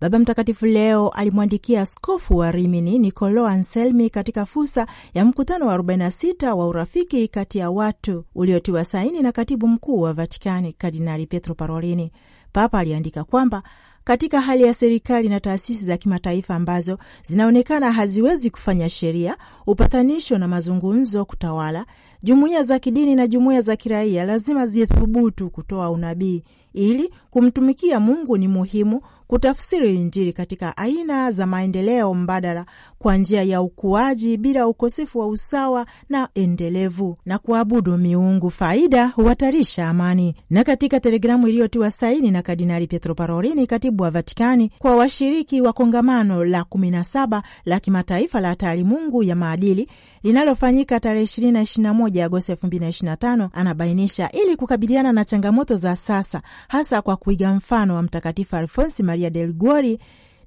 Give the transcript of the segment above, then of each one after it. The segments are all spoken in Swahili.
Baba Mtakatifu leo alimwandikia askofu wa Rimini Nicolo Anselmi katika fursa ya mkutano wa 46 wa urafiki kati ya watu uliotiwa saini na katibu mkuu wa Vatikani Kardinali Pietro Parolini. Papa aliandika kwamba katika hali ya serikali na taasisi za kimataifa ambazo zinaonekana haziwezi kufanya sheria, upatanisho na mazungumzo kutawala, jumuiya za kidini na jumuiya za kiraia lazima zithubutu kutoa unabii ili kumtumikia Mungu. Ni muhimu kutafsiri Injili katika aina za maendeleo mbadala kwa njia ya ukuaji bila ukosefu wa usawa na endelevu, na kuabudu miungu faida huhatarisha amani. Na katika telegramu iliyotiwa saini na Kardinali Pietro Parolini, katibu wa Vatikani, kwa washiriki wa kongamano la 17 la kimataifa la taalimungu ya maadili linalofanyika tarehe 20 na 21 Agosti 2025, anabainisha ili kukabiliana na changamoto za sasa, hasa kwa kuiga mfano wa Mtakatifu Alfonsi Maria del Guori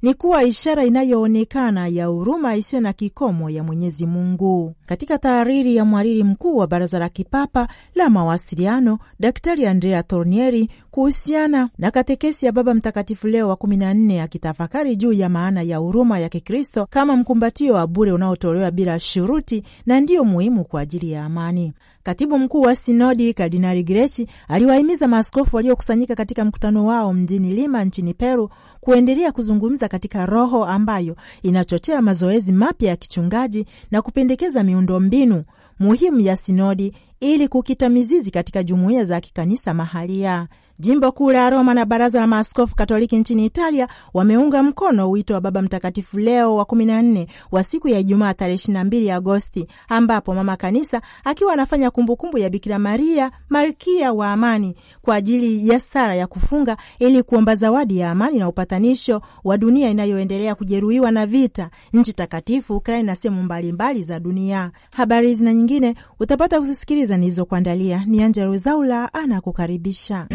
ni kuwa ishara inayoonekana ya huruma isiyo na kikomo ya Mwenyezi Mungu. Katika taariri ya mhariri mkuu wa Baraza la Kipapa la Mawasiliano, Daktari Andrea Tornieri, kuhusiana na katekesi ya Baba Mtakatifu Leo wa 14 akitafakari juu ya maana ya huruma ya Kikristo kama mkumbatio wa bure unaotolewa bila shuruti na ndiyo muhimu kwa ajili ya amani. Katibu mkuu wa sinodi Kardinali Grechi aliwahimiza maaskofu waliokusanyika katika mkutano wao mjini Lima nchini Peru kuendelea kuzungumza katika roho ambayo inachochea mazoezi mapya ya kichungaji na kupendekeza miundombinu muhimu ya sinodi ili kukita mizizi katika jumuiya za kikanisa mahalia. Jimbo kuu la Roma na baraza la maaskofu Katoliki nchini Italia wameunga mkono wito wa Baba Mtakatifu Leo wa 14 wa siku ya Ijumaa tarehe 22 Agosti, ambapo Mama Kanisa akiwa anafanya kumbukumbu ya Bikira Maria malkia wa amani kwa ajili ya sara ya kufunga ili kuomba zawadi ya amani na upatanisho wa dunia inayoendelea kujeruhiwa na vita, nchi takatifu Ukraini na sehemu mbalimbali za dunia. Habari hizi na nyingine utapata kuzisikiliza nilizokuandalia. Ni Angella Rwezaula anakukaribisha.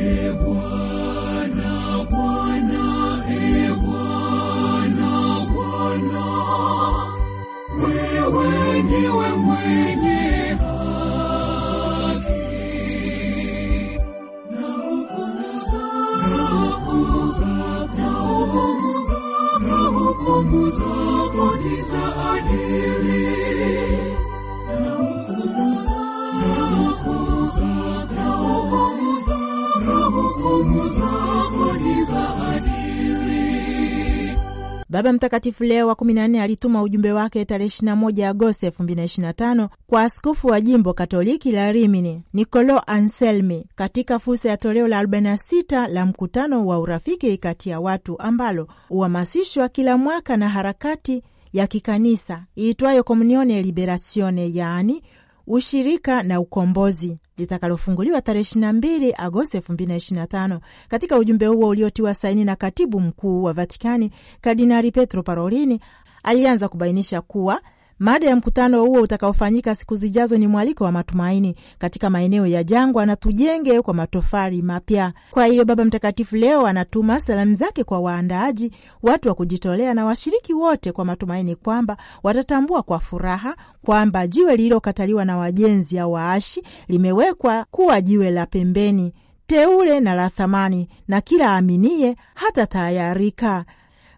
Baba Mtakatifu Leo wa 14 alituma ujumbe wake tarehe 21 Agosti 2025 kwa askofu wa jimbo Katoliki la Rimini Nicolo Anselmi katika fursa ya toleo la 46 la mkutano wa urafiki kati ya watu ambalo huhamasishwa kila mwaka na harakati ya kikanisa iitwayo Komunione Liberatione, yaani ushirika na ukombozi litakalofunguliwa tarehe 22 Agosti 2025. Katika ujumbe huo uliotiwa saini na katibu mkuu wa Vatikani Kardinali Petro Parolini, alianza kubainisha kuwa Mada ya mkutano huo utakaofanyika siku zijazo ni mwaliko wa matumaini katika maeneo ya jangwa na tujenge kwa matofali mapya. Kwa hiyo Baba Mtakatifu leo anatuma salamu zake kwa waandaaji, watu wa kujitolea na washiriki wote, kwa matumaini kwamba watatambua kwa furaha kwamba jiwe lililokataliwa na wajenzi au waashi limewekwa kuwa jiwe la pembeni teule na la thamani, na kila aaminie hata tayarika.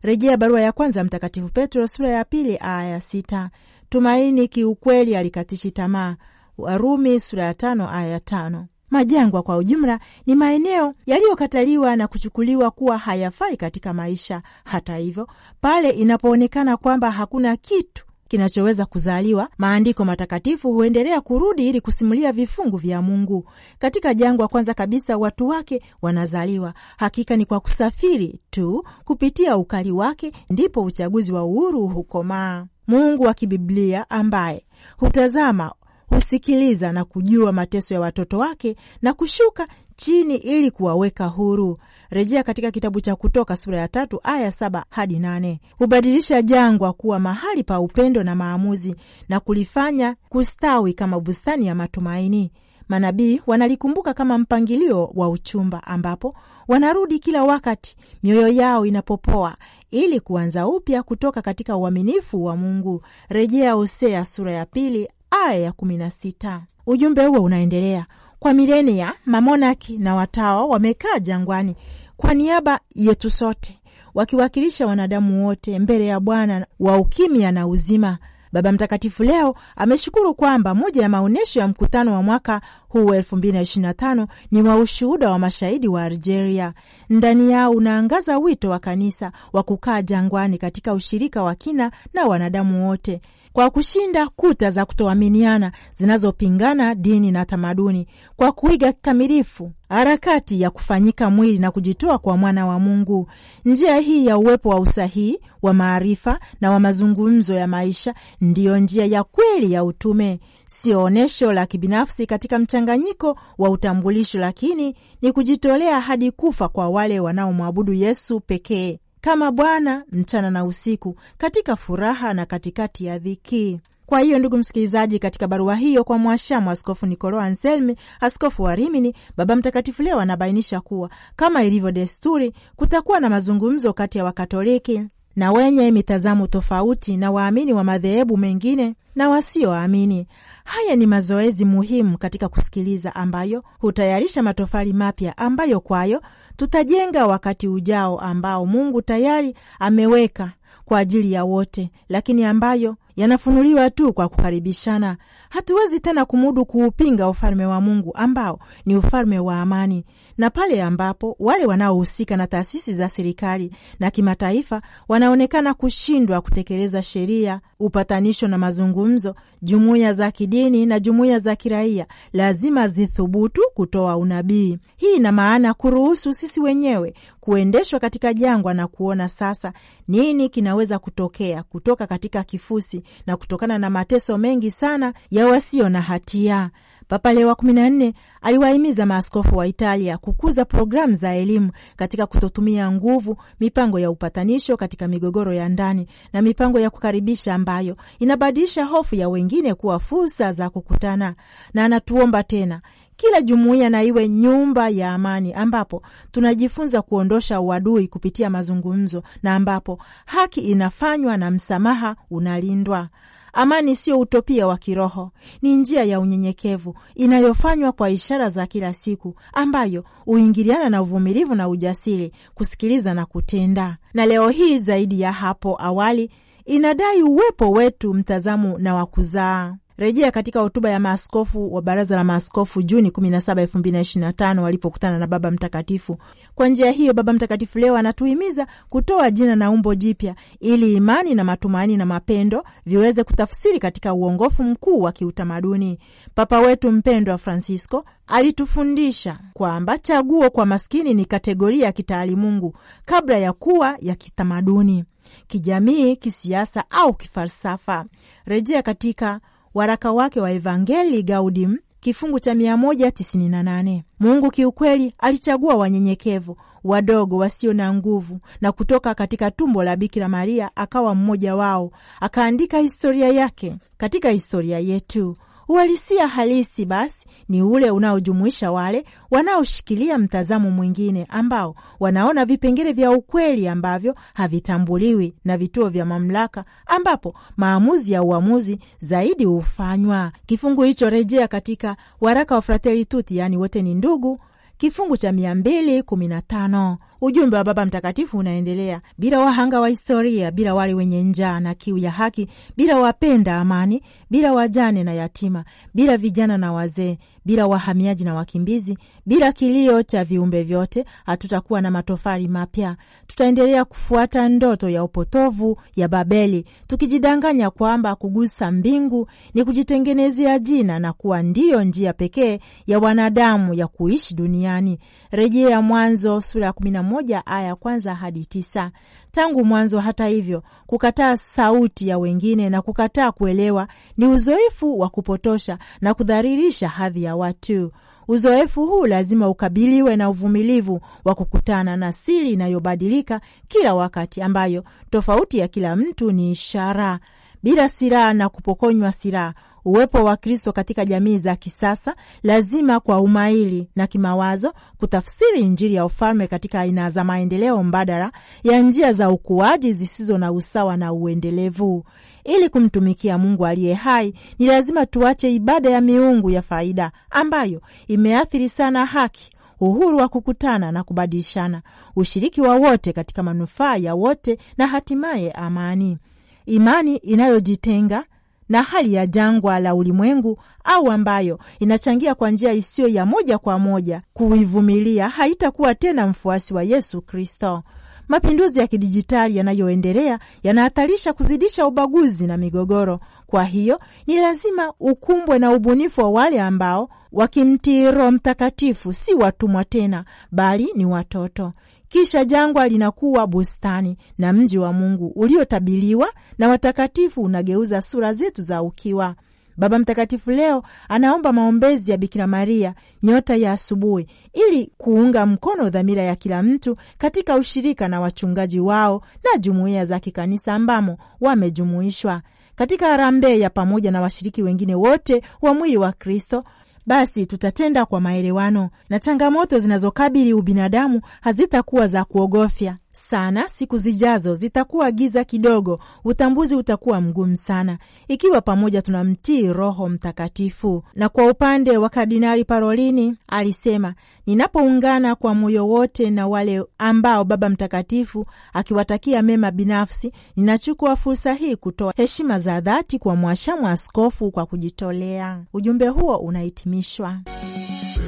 Rejea barua ya kwanza Mtakatifu Petro sura ya pili aya ya sita. Tumaini kiukweli alikatishi tamaa. Warumi sura ya tano aya tano. Majangwa kwa ujumla ni maeneo yaliyokataliwa na kuchukuliwa kuwa hayafai katika maisha. Hata hivyo, pale inapoonekana kwamba hakuna kitu kinachoweza kuzaliwa, maandiko matakatifu huendelea kurudi ili kusimulia vifungu vya Mungu. Katika jangwa, kwanza kabisa, watu wake wanazaliwa. Hakika ni kwa kusafiri tu kupitia ukali wake ndipo uchaguzi wa uhuru hukomaa. Mungu wa kibiblia ambaye hutazama, husikiliza na kujua mateso ya watoto wake na kushuka chini ili kuwaweka huru. Rejea katika kitabu cha Kutoka sura ya tatu aya saba hadi nane. Hubadilisha jangwa kuwa mahali pa upendo na maamuzi na kulifanya kustawi kama bustani ya matumaini. Manabii wanalikumbuka kama mpangilio wa uchumba, ambapo wanarudi kila wakati mioyo yao inapopoa ili kuanza upya kutoka katika uaminifu wa Mungu. Rejea Hosea sura ya pili aya ya kumi na sita. Ujumbe huo unaendelea kwa milenia. Mamonaki na watawa wamekaa jangwani kwa niaba yetu sote, wakiwakilisha wanadamu wote mbele ya Bwana wa ukimya na uzima. Baba Mtakatifu leo ameshukuru kwamba moja ya maonyesho ya mkutano wa mwaka huu wa 2025 ni wa ushuhuda wa mashahidi wa Algeria. Ndani yao unaangaza wito wa kanisa wa kukaa jangwani katika ushirika wa kina na wanadamu wote kwa kushinda kuta za kutoaminiana zinazopingana dini na tamaduni, kwa kuiga kikamilifu harakati ya kufanyika mwili na kujitoa kwa mwana wa Mungu. Njia hii ya uwepo wa usahihi wa maarifa na wa mazungumzo ya maisha ndiyo njia ya kweli ya utume. Sio onyesho la kibinafsi katika mchanganyiko wa utambulisho, lakini ni kujitolea hadi kufa kwa wale wanaomwabudu Yesu pekee kama Bwana mchana na usiku, katika furaha na katikati ya dhiki. Kwa hiyo ndugu msikilizaji, katika barua hiyo kwa mwashamu Askofu Nikolao Anselmi, askofu wa Rimini, Baba Mtakatifu leo anabainisha kuwa kama ilivyo desturi, kutakuwa na mazungumzo kati ya Wakatoliki na wenye mitazamo tofauti na waamini wa madhehebu mengine na wasioamini. Haya ni mazoezi muhimu katika kusikiliza, ambayo hutayarisha matofali mapya ambayo kwayo tutajenga wakati ujao ambao Mungu tayari ameweka kwa ajili ya wote, lakini ambayo yanafunuliwa tu kwa kukaribishana. Hatuwezi tena kumudu kuupinga ufalme wa Mungu ambao ni ufalme wa amani, na pale ambapo wale wanaohusika na taasisi za serikali na kimataifa wanaonekana kushindwa kutekeleza sheria, upatanisho na mazungumzo, jumuiya za kidini na jumuiya za kiraia lazima zithubutu kutoa unabii. Hii ina maana kuruhusu sisi wenyewe kuendeshwa katika jangwa na kuona sasa nini kinaweza kutokea kutoka katika kifusi na kutokana na mateso mengi sana ya wasio na hatia. Papa Leo wa kumi na nne aliwahimiza maaskofu wa Italia kukuza programu za elimu katika kutotumia nguvu, mipango ya upatanisho katika migogoro ya ndani na mipango ya kukaribisha ambayo inabadilisha hofu ya wengine kuwa fursa za kukutana, na anatuomba tena kila jumuiya na iwe nyumba ya amani, ambapo tunajifunza kuondosha uadui kupitia mazungumzo na ambapo haki inafanywa na msamaha unalindwa. Amani sio utopia wa kiroho, ni njia ya unyenyekevu inayofanywa kwa ishara za kila siku, ambayo huingiliana na uvumilivu na ujasiri, kusikiliza na kutenda. Na leo hii zaidi ya hapo awali, inadai uwepo wetu mtazamo na wa kuzaa Rejea katika hotuba ya maaskofu wa baraza la maaskofu Juni 17, 2025 walipokutana na Baba Mtakatifu. Kwa njia hiyo, Baba Mtakatifu leo anatuhimiza kutoa jina na umbo jipya ili imani na matumaini na mapendo viweze kutafsiri katika uongofu mkuu wa kiutamaduni. Papa wetu mpendwa Francisco alitufundisha kwamba chaguo kwa maskini ni kategoria ya kitaalimungu kabla ya kuwa ya kitamaduni, kijamii, kisiasa au kifalsafa. Rejea katika waraka wake wa Evangelii Gaudium kifungu cha 198. Mungu kiukweli alichagua wanyenyekevu wadogo wasio na nguvu, na kutoka katika tumbo la Bikira Maria akawa mmoja wao, akaandika historia yake katika historia yetu. Uhalisia halisi basi ni ule unaojumuisha wale wanaoshikilia mtazamo mwingine ambao wanaona vipengele vya ukweli ambavyo havitambuliwi na vituo vya mamlaka ambapo maamuzi ya uamuzi zaidi hufanywa. Kifungu hicho rejea katika waraka wa Fratelli Tutti, yaani wote ni ndugu, kifungu cha mia mbili kumi na tano. Ujumbe wa Baba Mtakatifu unaendelea: bila wahanga wa historia, bila wale wenye njaa na kiu ya haki, bila wapenda amani, bila wajane na yatima, bila vijana na wazee, bila wahamiaji na wakimbizi, bila kilio cha viumbe vyote, hatutakuwa na matofali mapya. Tutaendelea kufuata ndoto ya upotovu ya Babeli, tukijidanganya kwamba kugusa mbingu ni kujitengenezea jina na kuwa ndiyo njia pekee ya wanadamu ya kuishi duniani. Rejea Mwanzo sura ya moja aya ya kwanza hadi tisa. Tangu mwanzo, hata hivyo, kukataa sauti ya wengine na kukataa kuelewa ni uzoefu wa kupotosha na kudharirisha hadhi ya watu. Uzoefu huu lazima ukabiliwe na uvumilivu wa kukutana na siri inayobadilika kila wakati, ambayo tofauti ya kila mtu ni ishara bila silaha na kupokonywa silaha Uwepo wa Kristo katika jamii za kisasa lazima kwa umaili na kimawazo kutafsiri Injili ya ufalme katika aina za maendeleo mbadala ya njia za ukuaji zisizo na usawa na uendelevu. Ili kumtumikia Mungu aliye hai, ni lazima tuache ibada ya miungu ya faida ambayo imeathiri sana haki uhuru wa kukutana na kubadilishana, ushiriki wa wote katika manufaa ya wote, na hatimaye amani. Imani inayojitenga na hali ya jangwa la ulimwengu au ambayo inachangia kwa njia isiyo ya moja kwa moja kuivumilia, haitakuwa tena mfuasi wa Yesu Kristo. Mapinduzi ya kidijitali yanayoendelea yanahatarisha kuzidisha ubaguzi na migogoro. Kwa hiyo ni lazima ukumbwe na ubunifu wa wale ambao wakimtii Roho Mtakatifu si watumwa tena, bali ni watoto. Kisha jangwa linakuwa bustani na mji wa Mungu uliotabiliwa na watakatifu unageuza sura zetu za ukiwa. Baba Mtakatifu leo anaomba maombezi ya Bikira Maria, nyota ya asubuhi, ili kuunga mkono dhamira ya kila mtu katika ushirika na wachungaji wao na jumuiya za kikanisa ambamo wamejumuishwa katika harambee ya pamoja na washiriki wengine wote wa mwili wa Kristo basi tutatenda kwa maelewano na changamoto zinazokabili ubinadamu hazitakuwa za kuogofya sana. Siku zijazo zitakuwa giza kidogo, utambuzi utakuwa mgumu sana, ikiwa pamoja tunamtii Roho Mtakatifu. Na kwa upande wa Kardinali Parolini alisema, ninapoungana kwa moyo wote na wale ambao Baba Mtakatifu akiwatakia mema binafsi, ninachukua fursa hii kutoa heshima za dhati kwa mwashamu askofu kwa kujitolea. Ujumbe huo unahitimishwa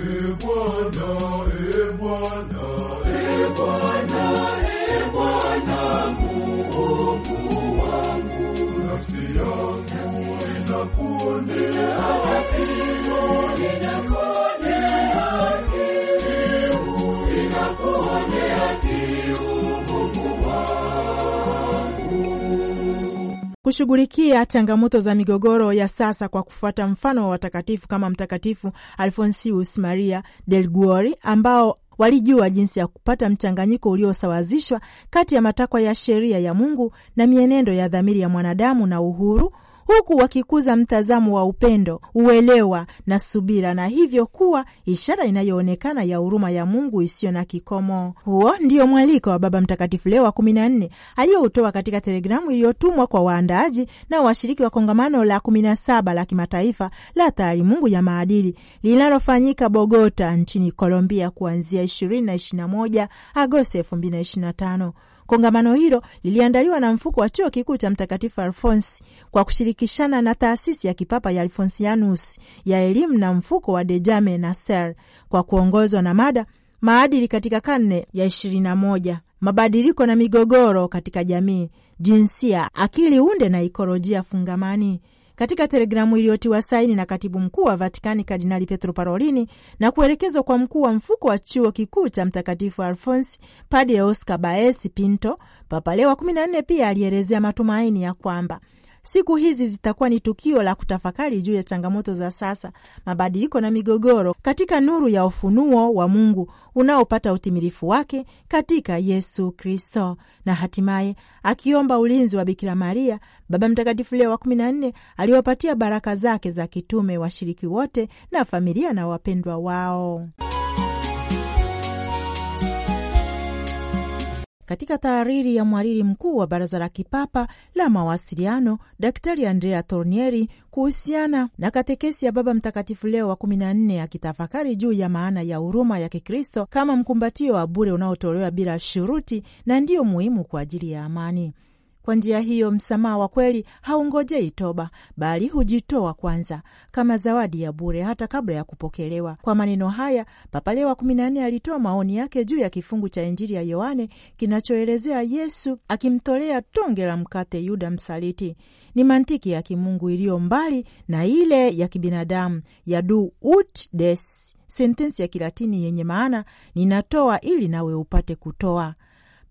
e Bwana, e Bwana, e Bwana. E Bwana Mungu wangu, nafsi yangu inakuonea Kushughulikia changamoto za migogoro ya sasa kwa kufuata mfano wa watakatifu kama Mtakatifu Alfonsius Maria del Guori ambao Walijua jinsi ya kupata mchanganyiko uliosawazishwa kati ya matakwa ya sheria ya Mungu na mienendo ya dhamiri ya mwanadamu na uhuru huku wakikuza mtazamo wa upendo, uelewa na subira, na hivyo kuwa ishara inayoonekana ya huruma ya Mungu isiyo na kikomo. Huo ndio mwaliko wa Baba Mtakatifu Leo wa kumi na nne aliyoutoa katika telegramu iliyotumwa kwa waandaaji na washiriki wa kongamano la kumi na saba la kimataifa la mungu ya maadili linalofanyika Bogota nchini Colombia kuanzia ishirini na ishirini na moja Agosti elfu mbili na ishirini na tano. Kongamano hilo liliandaliwa na mfuko wa chuo kikuu cha Mtakatifu Alfonsi kwa kushirikishana na taasisi ya kipapa ya Alfonsianus ya elimu na mfuko wa Dejame na Ser kwa kuongozwa na mada maadili katika karne ya ishirina moja, mabadiliko na migogoro katika jamii, jinsia, akili unde na ikolojia fungamani. Katika telegramu iliyotiwa saini na katibu mkuu wa Vatikani Kardinali Petro Parolini na kuelekezwa kwa mkuu wa mfuko wa chuo kikuu cha Mtakatifu Alfonsi Padre Oscar Baesi Pinto, Papa Leo wa 14 pia alielezea matumaini ya kwamba Siku hizi zitakuwa ni tukio la kutafakari juu ya changamoto za sasa, mabadiliko na migogoro, katika nuru ya ufunuo wa Mungu unaopata utimilifu wake katika Yesu Kristo, na hatimaye akiomba ulinzi wa Bikira Maria. Baba Mtakatifu Leo wa kumi na nne aliwapatia baraka zake za kitume washiriki wote na familia na wapendwa wao. Katika taariri ya mhariri mkuu wa Baraza la Kipapa la Mawasiliano, Daktari Andrea Tornieri kuhusiana na katekesi ya Baba Mtakatifu Leo wa 14 akitafakari juu ya maana ya huruma ya Kikristo kama mkumbatio wa bure unaotolewa bila shuruti na ndiyo muhimu kwa ajili ya amani. Kwa njia hiyo, msamaha wa kweli haungojei toba, bali hujitoa kwanza kama zawadi ya bure hata kabla ya kupokelewa. Kwa maneno haya, Papa Leo wa alitoa maoni yake juu ya kifungu cha Injili ya Yohane kinachoelezea Yesu akimtolea tonge la mkate Yuda msaliti. Ni mantiki ya kimungu iliyo mbali na ile ya kibinadamu ya du ut des, sentensi ya Kilatini yenye maana ninatoa ili nawe upate kutoa.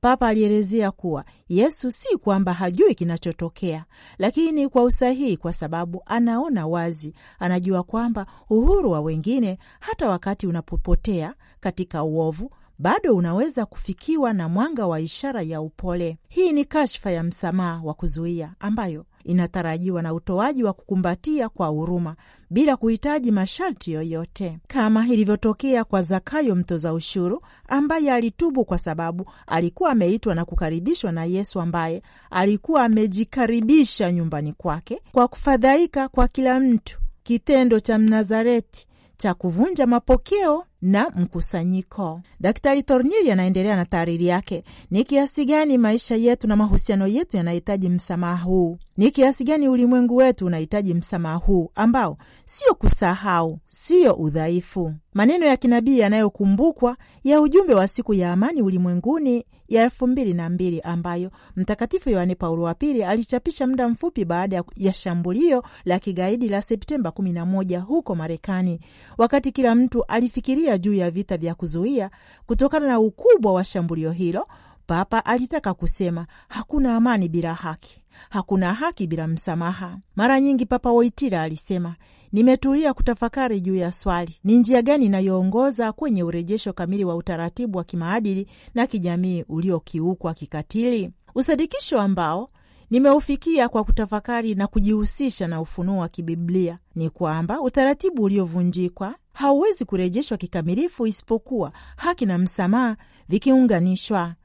Papa alielezea kuwa Yesu si kwamba hajui kinachotokea, lakini kwa usahihi, kwa sababu anaona wazi, anajua kwamba uhuru wa wengine, hata wakati unapopotea katika uovu, bado unaweza kufikiwa na mwanga wa ishara ya upole. Hii ni kashfa ya msamaha wa kuzuia ambayo inatarajiwa na utoaji wa kukumbatia kwa huruma bila kuhitaji masharti yoyote, kama ilivyotokea kwa Zakayo mtoza ushuru ambaye alitubu kwa sababu alikuwa ameitwa na kukaribishwa na Yesu ambaye alikuwa amejikaribisha nyumbani kwake kwa kufadhaika kwa kila mtu. Kitendo cha Mnazareti cha kuvunja mapokeo na mkusanyiko. Daktari Thornili anaendelea na taariri yake. Ni kiasi gani maisha yetu na mahusiano yetu yanahitaji msamaha huu? Ni kiasi gani ulimwengu wetu unahitaji msamaha huu ambao sio kusahau, sio udhaifu? Maneno ya kinabii yanayokumbukwa ya ujumbe wa siku ya amani ulimwenguni ya elfu mbili na mbili ambayo Mtakatifu Yohane Paulo wa Pili alichapisha muda mfupi baada ya shambulio la kigaidi la Septemba 11 huko Marekani, wakati kila mtu alifikiria juu ya vita vya kuzuia. Kutokana na ukubwa wa shambulio hilo, Papa alitaka kusema hakuna amani bila haki, hakuna haki bila msamaha. Mara nyingi Papa Woitira alisema nimetulia kutafakari juu ya swali: ni njia gani inayoongoza kwenye urejesho kamili wa utaratibu wa kimaadili na kijamii uliokiukwa kikatili? Usadikisho ambao nimeufikia kwa kutafakari na kujihusisha na ufunuo wa kibiblia ni kwamba utaratibu uliovunjikwa hauwezi kurejeshwa kikamilifu isipokuwa haki na msamaha vikiunganishwa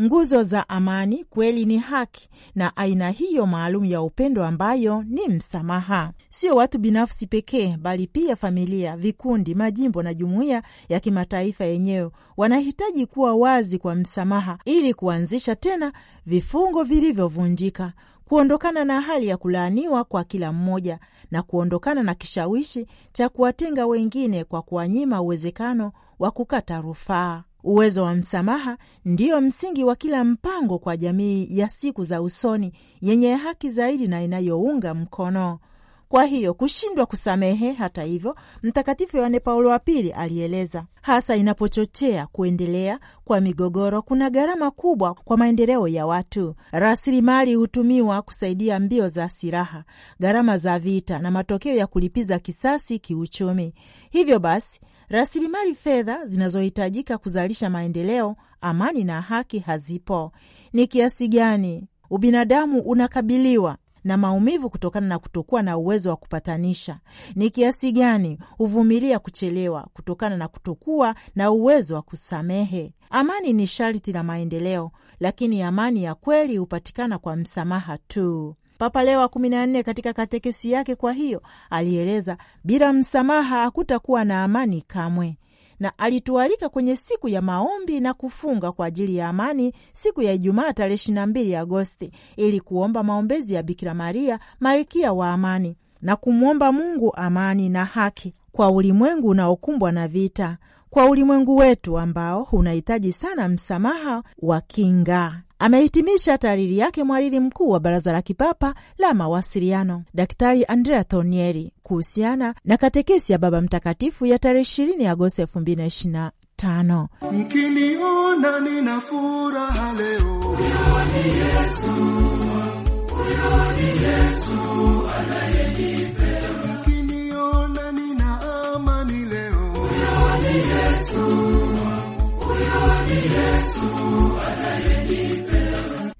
nguzo za amani, kweli ni haki na aina hiyo maalum ya upendo ambayo ni msamaha. Sio watu binafsi pekee, bali pia familia, vikundi, majimbo na jumuiya ya kimataifa yenyewe wanahitaji kuwa wazi kwa msamaha ili kuanzisha tena vifungo vilivyovunjika kuondokana na hali ya kulaaniwa kwa kila mmoja na kuondokana na kishawishi cha kuwatenga wengine kwa kuwanyima uwezekano wa kukata rufaa. Uwezo wa msamaha ndiyo msingi wa kila mpango kwa jamii ya siku za usoni yenye haki zaidi na inayounga mkono kwa hiyo kushindwa kusamehe, hata hivyo, Mtakatifu Yohane Paulo wa Pili alieleza, hasa inapochochea kuendelea kwa migogoro, kuna gharama kubwa kwa maendeleo ya watu. Rasilimali hutumiwa kusaidia mbio za silaha, gharama za vita na matokeo ya kulipiza kisasi kiuchumi. Hivyo basi Rasilimali fedha zinazohitajika kuzalisha maendeleo, amani na haki hazipo. Ni kiasi gani ubinadamu unakabiliwa na maumivu kutokana na kutokuwa na uwezo wa kupatanisha? Ni kiasi gani huvumilia kuchelewa kutokana na kutokuwa na uwezo wa kusamehe? Amani ni sharti la maendeleo, lakini amani ya kweli hupatikana kwa msamaha tu. Papa Leo wa kumi na nne katika katekesi yake, kwa hiyo alieleza, bila msamaha hakutakuwa na amani kamwe na alitualika kwenye siku ya maombi na kufunga kwa ajili ya amani siku ya Ijumaa tarehe 22 Agosti ili kuomba maombezi ya Bikira Maria malkia wa amani na kumwomba Mungu amani na haki kwa ulimwengu unaokumbwa na vita, kwa ulimwengu wetu ambao unahitaji sana msamaha wa kinga Amehitimisha taariri yake mwariri mkuu wa Baraza la Kipapa la Mawasiliano, Daktari Andrea Tonieri, kuhusiana na katekesi ya Baba Mtakatifu ya tarehe 20 Agosti 225 Mkiniona nina leo, Yesu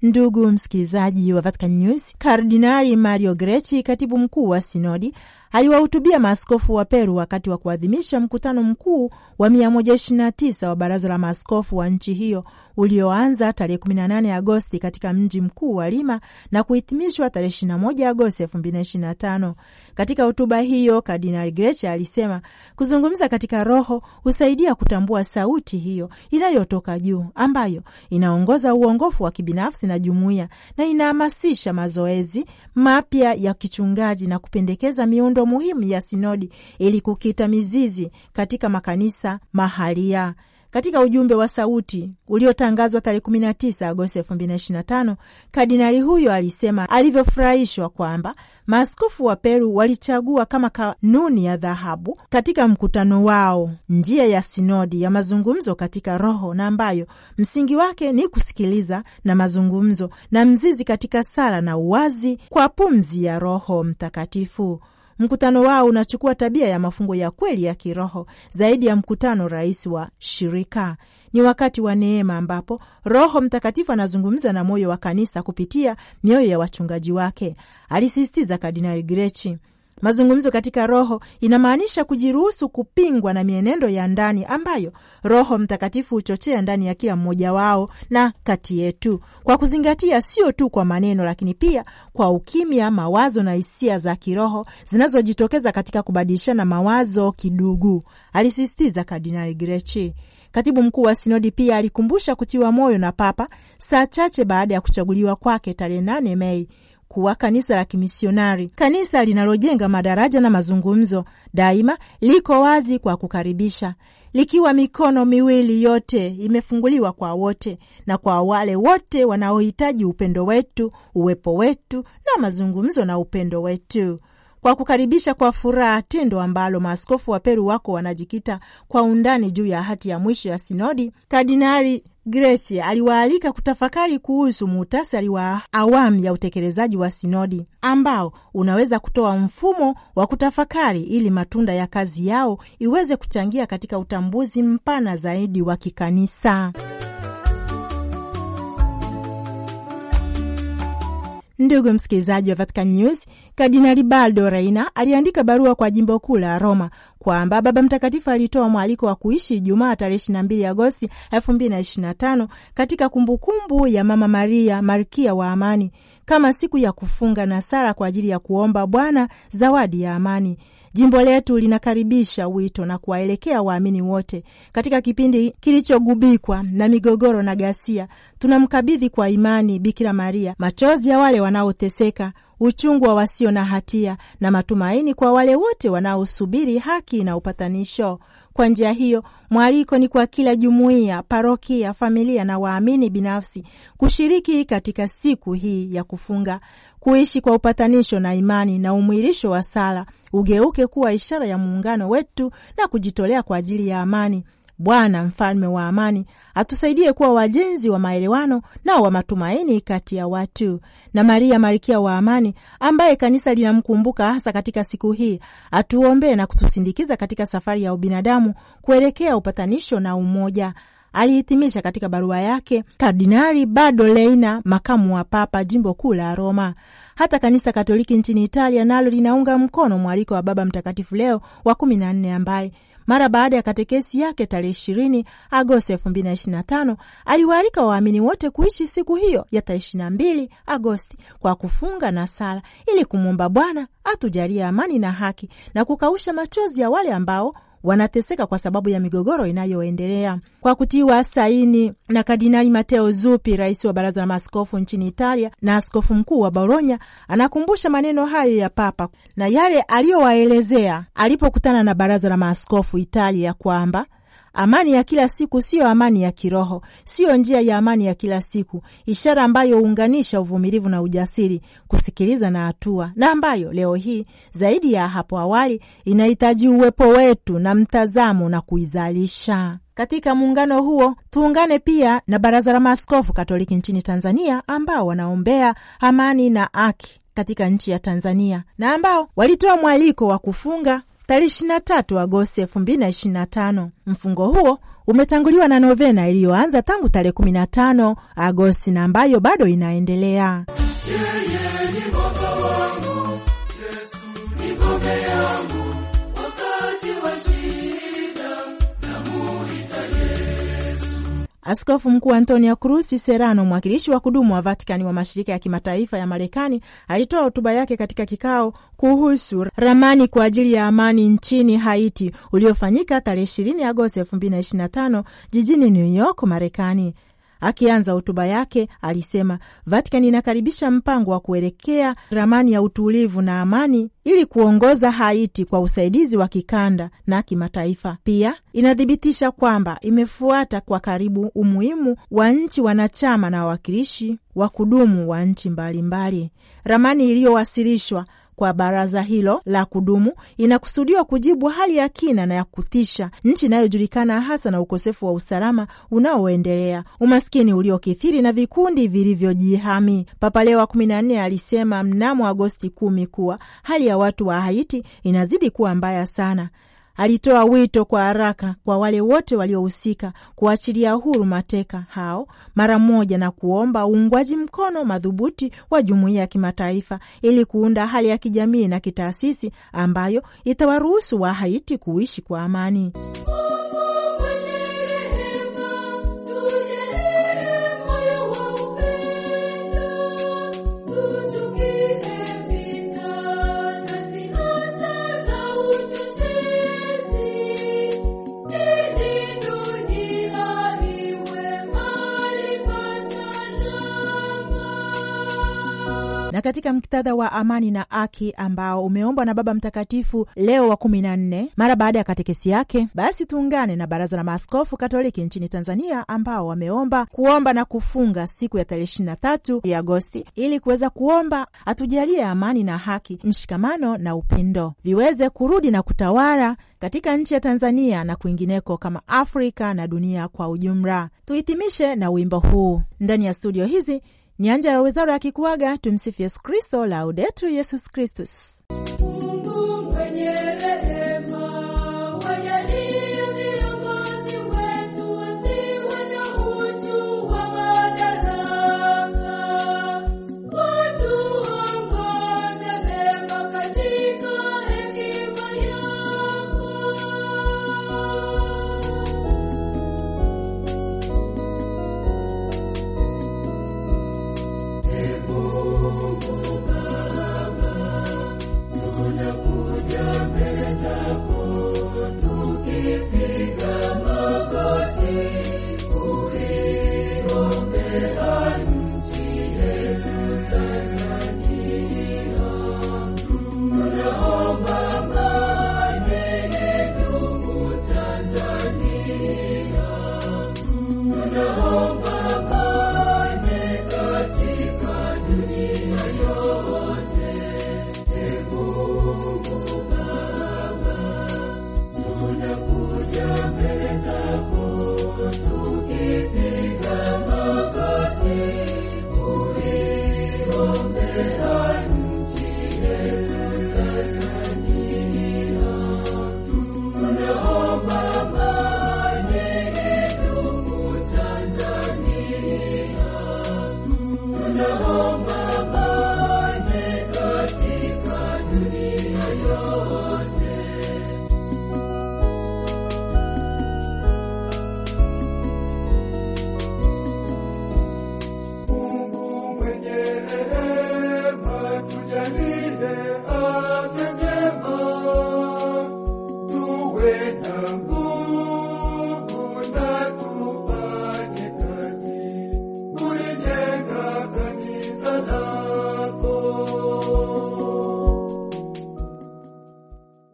Ndugu msikilizaji wa Vatican News, Kardinali Mario Grechi, katibu mkuu wa sinodi, aliwahutubia maaskofu wa Peru wakati wa kuadhimisha mkutano mkuu wa 129 wa baraza la maaskofu wa nchi hiyo ulioanza tarehe 18 Agosti katika mji mkuu wa Lima na kuhitimishwa tarehe 21 Agosti 2025. Katika hotuba hiyo, Kardinali grech alisema kuzungumza katika Roho husaidia kutambua sauti hiyo inayotoka juu ambayo inaongoza uongofu wa kibinafsi na jumuiya na inahamasisha mazoezi mapya ya kichungaji na kupendekeza miundo miundo muhimu ya sinodi ili kukita mizizi katika makanisa mahalia. Katika ujumbe wa sauti uliotangazwa tarehe 19 Agosti 2025, kardinali huyo alisema alivyofurahishwa kwamba maaskofu wa Peru walichagua kama kanuni ya dhahabu katika mkutano wao njia ya sinodi ya mazungumzo katika Roho, na ambayo msingi wake ni kusikiliza na mazungumzo na mzizi katika sala na uwazi kwa pumzi ya Roho Mtakatifu. Mkutano wao unachukua tabia ya mafungo ya kweli ya kiroho zaidi ya mkutano rais wa shirika. Ni wakati wa neema ambapo Roho Mtakatifu anazungumza na moyo wa kanisa kupitia mioyo ya wachungaji wake, alisisitiza Kardinali Grechi. Mazungumzo katika Roho inamaanisha kujiruhusu kupingwa na mienendo ya ndani ambayo Roho Mtakatifu huchochea ndani ya kila mmoja wao na kati yetu, kwa kuzingatia sio tu kwa maneno, lakini pia kwa ukimya, mawazo na hisia za kiroho zinazojitokeza katika kubadilishana mawazo kidugu, alisisitiza Kardinali Grechi. Katibu mkuu wa sinodi pia alikumbusha kutiwa moyo na Papa saa chache baada ya kuchaguliwa kwake tarehe 8 Mei kuwa kanisa la kimisionari, kanisa linalojenga madaraja na mazungumzo, daima liko wazi kwa kukaribisha, likiwa mikono miwili yote imefunguliwa kwa wote na kwa wale wote wanaohitaji upendo wetu, uwepo wetu na mazungumzo na upendo wetu kwa kukaribisha kwa furaha, tendo ambalo maaskofu wa Peru wako wanajikita kwa undani juu ya hati ya mwisho ya sinodi. Kardinali Grechi aliwaalika kutafakari kuhusu muhtasari wa awamu ya utekelezaji wa sinodi ambao unaweza kutoa mfumo wa kutafakari ili matunda ya kazi yao iweze kuchangia katika utambuzi mpana zaidi wa kikanisa. Ndugu msikilizaji wa Vatican News, Kardinali Baldo Reina aliandika barua kwa jimbo kuu la Roma kwamba Baba Mtakatifu alitoa mwaliko wa kuishi Ijumaa tarehe 22 Agosti 2025 katika kumbukumbu kumbu ya Mama Maria Malkia wa Amani kama siku ya kufunga na sala kwa ajili ya kuomba Bwana zawadi ya amani. Jimbo letu linakaribisha wito na kuwaelekea waamini wote katika kipindi kilichogubikwa na migogoro na ghasia. Tunamkabidhi kwa imani Bikira Maria machozi ya wale wanaoteseka, uchungu wa wasio na hatia, na matumaini kwa wale wote wanaosubiri haki na upatanisho. Kwa njia hiyo, mwaliko ni kwa kila jumuiya, parokia, familia na waamini binafsi kushiriki katika siku hii ya kufunga, kuishi kwa upatanisho na imani na umwilisho wa sala ugeuke kuwa ishara ya muungano wetu na kujitolea kwa ajili ya amani. Bwana mfalme wa amani atusaidie kuwa wajenzi wa maelewano na wa matumaini kati ya watu. Na Maria malkia wa amani, ambaye kanisa linamkumbuka hasa katika siku hii, atuombee na kutusindikiza katika safari ya ubinadamu kuelekea upatanisho na umoja alihitimisha katika barua yake Kardinali Badoleina, makamu wa papa jimbo kuu la Roma. Hata kanisa Katoliki nchini Italia nalo linaunga mkono mwaliko wa Baba Mtakatifu Leo wa kumi na nne ambaye mara baada ya katekesi yake tarehe ishirini Agosti tano aliwaalika waamini wote kuishi siku hiyo ya tarehe mbili Agosti kwa kufunga na sala ili kumwomba Bwana atujalie amani na haki na kukausha machozi ya wale ambao wanateseka kwa sababu ya migogoro inayoendelea. Kwa kutiwa saini na Kardinali Mateo zupi rais wa baraza la maaskofu nchini Italia na askofu mkuu wa Bologna, anakumbusha maneno hayo ya Papa na yale aliyowaelezea alipokutana na baraza la maaskofu Italia kwamba Amani ya kila siku siyo amani ya kiroho, siyo njia ya amani ya kila siku, ishara ambayo huunganisha uvumilivu na ujasiri, kusikiliza na hatua, na ambayo leo hii zaidi ya hapo awali inahitaji uwepo wetu na mtazamo na kuizalisha. Katika muungano huo tuungane pia na Baraza la Maaskofu Katoliki nchini Tanzania ambao wanaombea amani na haki katika nchi ya Tanzania na ambao walitoa mwaliko wa kufunga tarehe 23 Agosti 2025. Mfungo huo umetanguliwa na novena iliyoanza tangu tarehe 15 Agosti na ambayo bado inaendelea. yeah, yeah. Askofu Mkuu Antonio Cruz serano mwakilishi wa kudumu wa Vatikani wa mashirika ya kimataifa ya Marekani, alitoa hotuba yake katika kikao kuhusu ramani kwa ajili ya amani nchini Haiti uliofanyika tarehe 20 Agosti 2025 jijini New York, Marekani. Akianza hotuba yake alisema, Vatican inakaribisha mpango wa kuelekea ramani ya utulivu na amani ili kuongoza Haiti kwa usaidizi wa kikanda na kimataifa. Pia inathibitisha kwamba imefuata kwa karibu umuhimu wa nchi wanachama na wawakilishi wa kudumu wa nchi mbalimbali. Ramani iliyowasilishwa kwa baraza hilo la kudumu inakusudiwa kujibu hali ya kina na ya kutisha nchi inayojulikana hasa na ukosefu wa usalama unaoendelea, umaskini uliokithiri na vikundi vilivyojihami. Papa Leo wa kumi na nne alisema mnamo Agosti kumi kuwa hali ya watu wa Haiti inazidi kuwa mbaya sana. Alitoa wito kwa haraka kwa wale wote waliohusika kuachilia huru mateka hao mara moja na kuomba uungwaji mkono madhubuti wa jumuiya ya kimataifa ili kuunda hali ya kijamii na kitaasisi ambayo itawaruhusu wa haiti kuishi kwa amani. Na katika muktadha wa amani na haki ambao umeombwa na Baba Mtakatifu Leo wa kumi na nne mara baada ya katekesi yake, basi tuungane na Baraza la Maaskofu Katoliki nchini Tanzania ambao wameomba kuomba na kufunga siku ya tarehe ishirini na tatu ya Agosti ili kuweza kuomba atujalie amani na haki, mshikamano na upendo viweze kurudi na kutawala katika nchi ya Tanzania na kwingineko kama Afrika na dunia kwa ujumla. Tuhitimishe na wimbo huu ndani ya studio hizi Nyanja ya Wizara ya Kikuaga. Tumsifu Yesu Kristo, Laudetur Yesus Kristus.